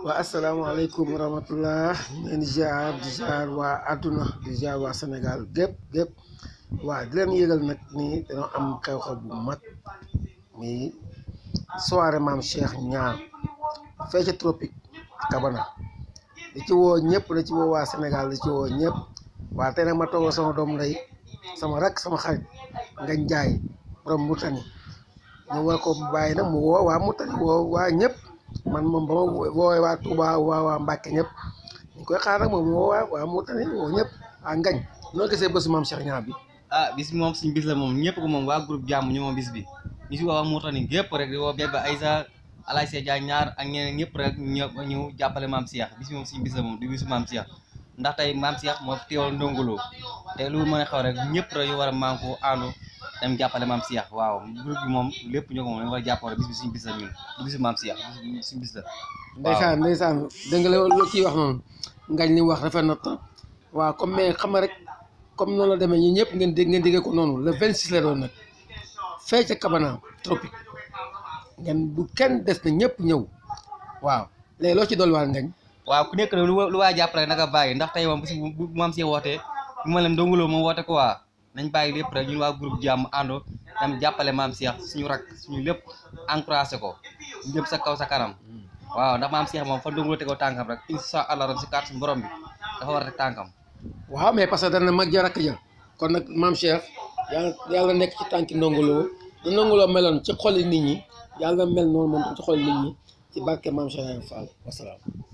waa asalaamaaleykum wa rahmatullah ngeen jaar di jaar waa àdduna di jaar waa Sénégal gépp gépp waa di leen yëgal nag ni dañoo am xew-xew bu mag mi soirée maam Cheikh Niang fee ca tropique Cabana di ci woo ñëpp da ci woo waa Sénégal da ci woo ñëpp waa tey nag ma toog sama doom ndey sama rakk sama xarit ngañ jaay borom Moutani ñu war ko bàyyi nag mu waa Moutani woo waa ñëpp man moom ba ma waa Touba waa waa Mbacke koy xaar nag moom waa waa Moutane woo ñëpp waa Ngañ noo gisee bésu maam Cheikh Niang bi. ah bis bi moom suñu bis la moom ñëpp ko moom waa groupe jàmm ñu bis bi ñu si waa Moutane gépp rek di woo Bébé Aïssa Alaye Seydja ñaar ak ñeneen ñëpp ñu jàppale maam Cheikh bis bi moom suñu bis la moom di bisu maam Cheikh ndax tey maam Cheikh moo teewal ndongolo te lu mën a xaw rek ñëpp rek yu war a mànkoo dem jàppale maam Cheikh waaw moom lépp ñoo ko moom dañu war a jàppale bis bi suñu bis la ñun bis bi maam Cheikh bis suñu bis la. waaw ndeysaan ndeysaan dégg nga la wax noonu ngañ ni wax rafet na trop waaw comme mais xam nga rek comme noonu la demee ñi ñëpp ngeen dégg ngeen déggee ko noonu le 26 la doon nag fee ca Kabana tropique ngeen bu kenn des na ñëpp ñëw waaw léegi loo ci dolliwaat ngañ. waaw ku nekk nag lu waa lu waa jàppale naka bàyyi ndax tey moom bis bu maam Cheikh wootee bu ma leen donguloo moom woote quoi. nañ bàyyi lépp rek ñun waa groupe jàmm àndo tam jàppale maam Cheikh suñu rak suñu lépp encouragé ko jëm sa kaw sa kanam mm. waaw ndax maam Cheikh moom fa ndongo tegoo tànkam rek incha allah rabbi si kaat suñu borom bi dafa war a teg tànkam waaw mais parce que dana mag ja rakk ja kon nag maam Cheikh yàlla yàlla nekk ci tànki Ndongo Lo da Ndongo Lo meloon ci xoli nit ñi yàlla mel noonu moom ci xoli nit ñi ci barke maam Cheikh Fall wasalaam